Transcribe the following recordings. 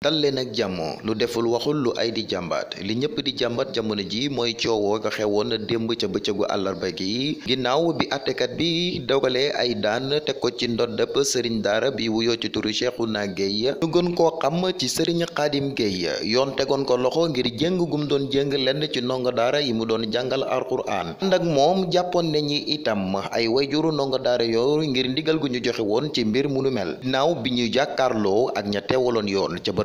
dal leen ak jàmm lu deful waxul lu ay di jàmbat li ñëpp di jàmbat jamono ji mooy coowoo nga xewoon démb ca bëccëgu àllarba gi ginnaaw bi attekat bi dogalee ay daan teg ko ci ndoddab sëriñ daara bi wuyoo ci turu Cheikhouna Gueye ñu gën koo xam ci sëriñ Xaadim Gueye yoon tegoon ko loxo ngir jéng gum doon jëng lenn ci ndongo daara yi mu doon jàngal alxuraan ànd nag moom jàppoon nañu itam ay wayjuru ndongo daara yooyu ngir ndigal gu ñu joxe woon ci mbir munu mel ginnaaw bi ñu jàkkaarloo ak ña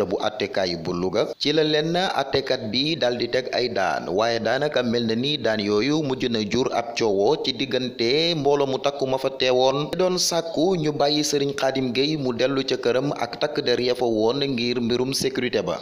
bu attekaay bu Louga ci la leen attekat bi dal di teg ay daan waaye daanaka mel na ni daan yooyu mujj na jur ab coowoo ci diggante mbooloo mu takkuma fa teewoon te doon sàkku ñu bàyyi sëriñ Xaadim Gueye mu dellu ca këram ak takk der ya fa woon ngir mbirum sécurité ba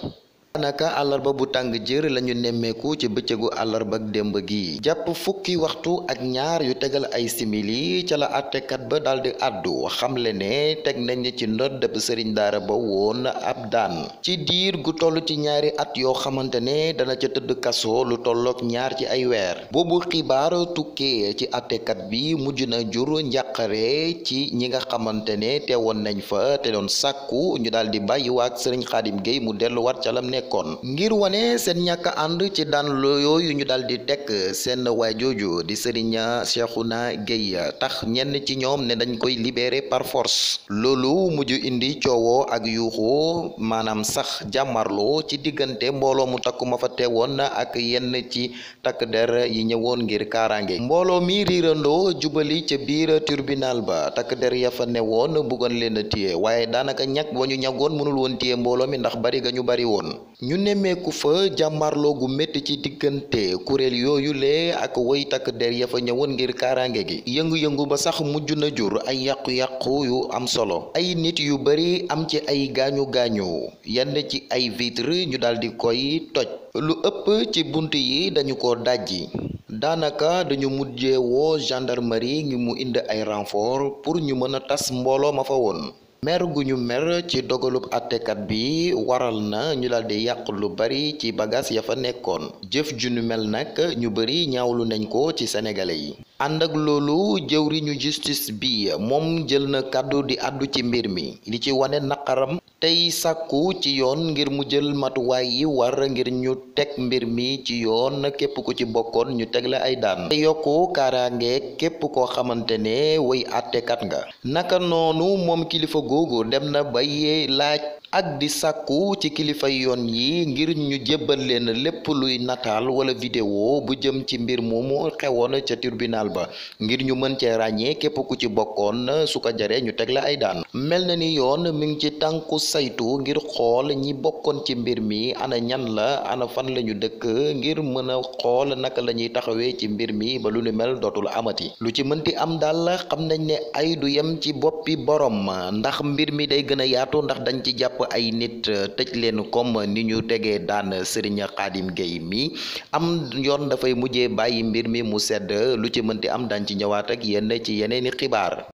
daanaka àllarba bu tàng jër lañu nemmeeku ci bëccëgu àllarba ak démb gi jàpp fukki waxtu ak ñaar yu tegal ay simili ca la àttekat ba daldi àddu xamle ne teg nañ ci ndodd sëriñ daara ba woon ab daan ci diir gu toll ci ñaari at yoo xamante ne dana ca tëdd kaso lu tolloog ñaar ci ay weer boobu xibaar tukkee ci àttekat bi mujj na jur njàqare ci ñi nga xamante ne teewoon nañ fa te doon sàkku ñu di bàyyi waak sëriñ Xaadim Géey mu delluwaat nekkoon ngir wane seen ñàkk ànd ci daan yooyu ñu daal di teg seen waay jooju di sëriñ Cheikhouna Gueye tax ñenn ci ñoom ne dañ koy libéré par force loolu mujj indi coowoo ak yuuxu maanaam sax jàmmarloo ci diggante mbooloo mu takku ma fa teewoon ak yenn ci takk der yi ñëwoon ngir kaaraange mbooloo mi riirandoo jubali ca biir tribunal ba takk der ya fa ne newoon buggoon leen a waaye daanaka ñàkk ba ñu ñàggoon mënul woon téye mbooloo mi ndax bari ga ñu bari woon ñu nemmeeku fa jàmmarloo gu métti ci diggante kuréel yooyu lee ak woy takk der ya fa ñëwoon ngir kaaraange gi yëngu-yëngu ba sax mujj na jur ay yàqu-yàqu yu am solo ay nit yu bari am ci ay gaañu gaañu yenn ci ay vitre ñu daldi koy toj lu ëpp ci bunt yi dañu ko dajji daanaka dañu mujjee woo gendarmerie ngi mu indi ay renfort pour ñu mën a tas mbooloo ma fa woon mer gu ñu mer ci dogalub àttekat bi waral na ñu daal di yàq lu bari ci bagaas ya fa nekkoon jëf ju ñu mel nag ñu bari ñawlu nañ ko ci sénégalais yi ànd ak loolu jëwriñu justice bi moom jël na kàddu di àddu ci mbir mi li ci wane naqaram tey sàkku ci yoon ngir mu jël matuwaay yi war ngir ñu teg mbir mi ci yoon képp ku ci bokkoon ñu teg la ay daan te yokku kaaraange képp koo xamante ne way àttekat nga naka noonu moom kilifa googu dem na ba laaj ak di sàkku ci kilifa yoon yi ngir ñu jébbal leen lépp luy nataal wala vidéo bu jëm ci mbir moomu xewoon ca tribunal ba ngir ñu mën cee ràññee képp ku ci bokkoon su ko jaree ñu teg la ay daan mel na ni yoon mi ngi ci tànku saytu ngir xool ñi bokkoon ci mbir mi ana ñan la ana fan la ñu dëkk ngir mën a xool naka la ñuy taxawee ci mbir mi ba lu ni mel dootul amati lu ci mënti am daal xam nañ ne ay du yem ci boppi borom ndax mbir mi day gën a yaatu ndax dañ ci jàpp ay nit euh, tëj leen comme ni ñu tegee daan Serigne Khadim Gueye mi am yoon dafay mujjee bàyyi mbir mi mu sedd lu ci mënti am daan ci ñëwaat ak yenn ci yeneeni xibaar